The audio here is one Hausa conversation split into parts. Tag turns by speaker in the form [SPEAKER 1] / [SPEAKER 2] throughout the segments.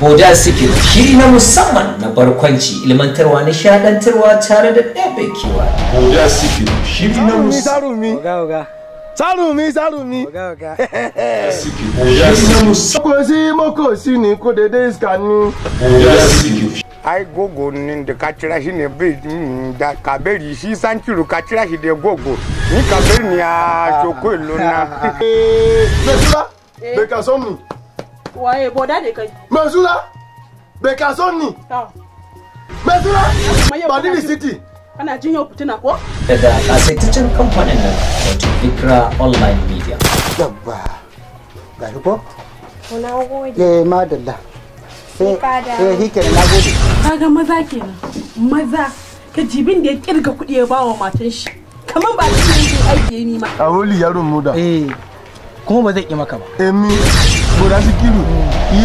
[SPEAKER 1] boda sikil shiri na musamman na barkwanci ilmantarwa na shaɗantarwa tare da ɗabekewa boda sikil shiri na musamman sálùmí sálùmí. mokosi mokosi ni ko dede iska ni. ai gogo ni da ka tira shi ne bai da kaberi shi san kiro ka tira shi da gogo ni kaberi ni a soko ah. ilo na. bẹ́ẹ̀ sọ́ra bẹ́ẹ̀ ka waye boda ne kai mansura bai kason ni mansura ba ah. ni city ana jin yau fitina ko daga kasaitaccen kamfanin nan wato ikra online media yabba ga ni ko na gode eh madalla sai hike na gode kaga maza kenan maza ka jibin da ya kirga kuɗi ya bawa matan shi kamar ba cikin aiki ne ma a holi yaron mu da eh kuma ba zai ki maka ba eh Gora Sikiru, yi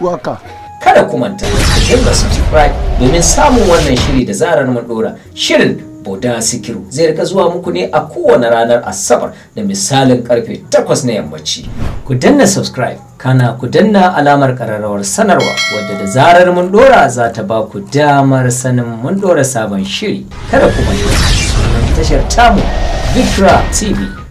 [SPEAKER 1] waka. Kada ku manta, ku dinga subscribe domin samun wannan shiri da zarar mun dora. Shirin Boda Sikiru zai rika zuwa muku ne a kowane ranar Asabar da misalin karfe 8 na yammaci. Ku danna subscribe, kana ku danna alamar kararrawar sanarwa wadda da zarar mun dora za ta ba ku damar sanin mun dora sabon shiri. Kada ku manta, tashar tamu Vitra TV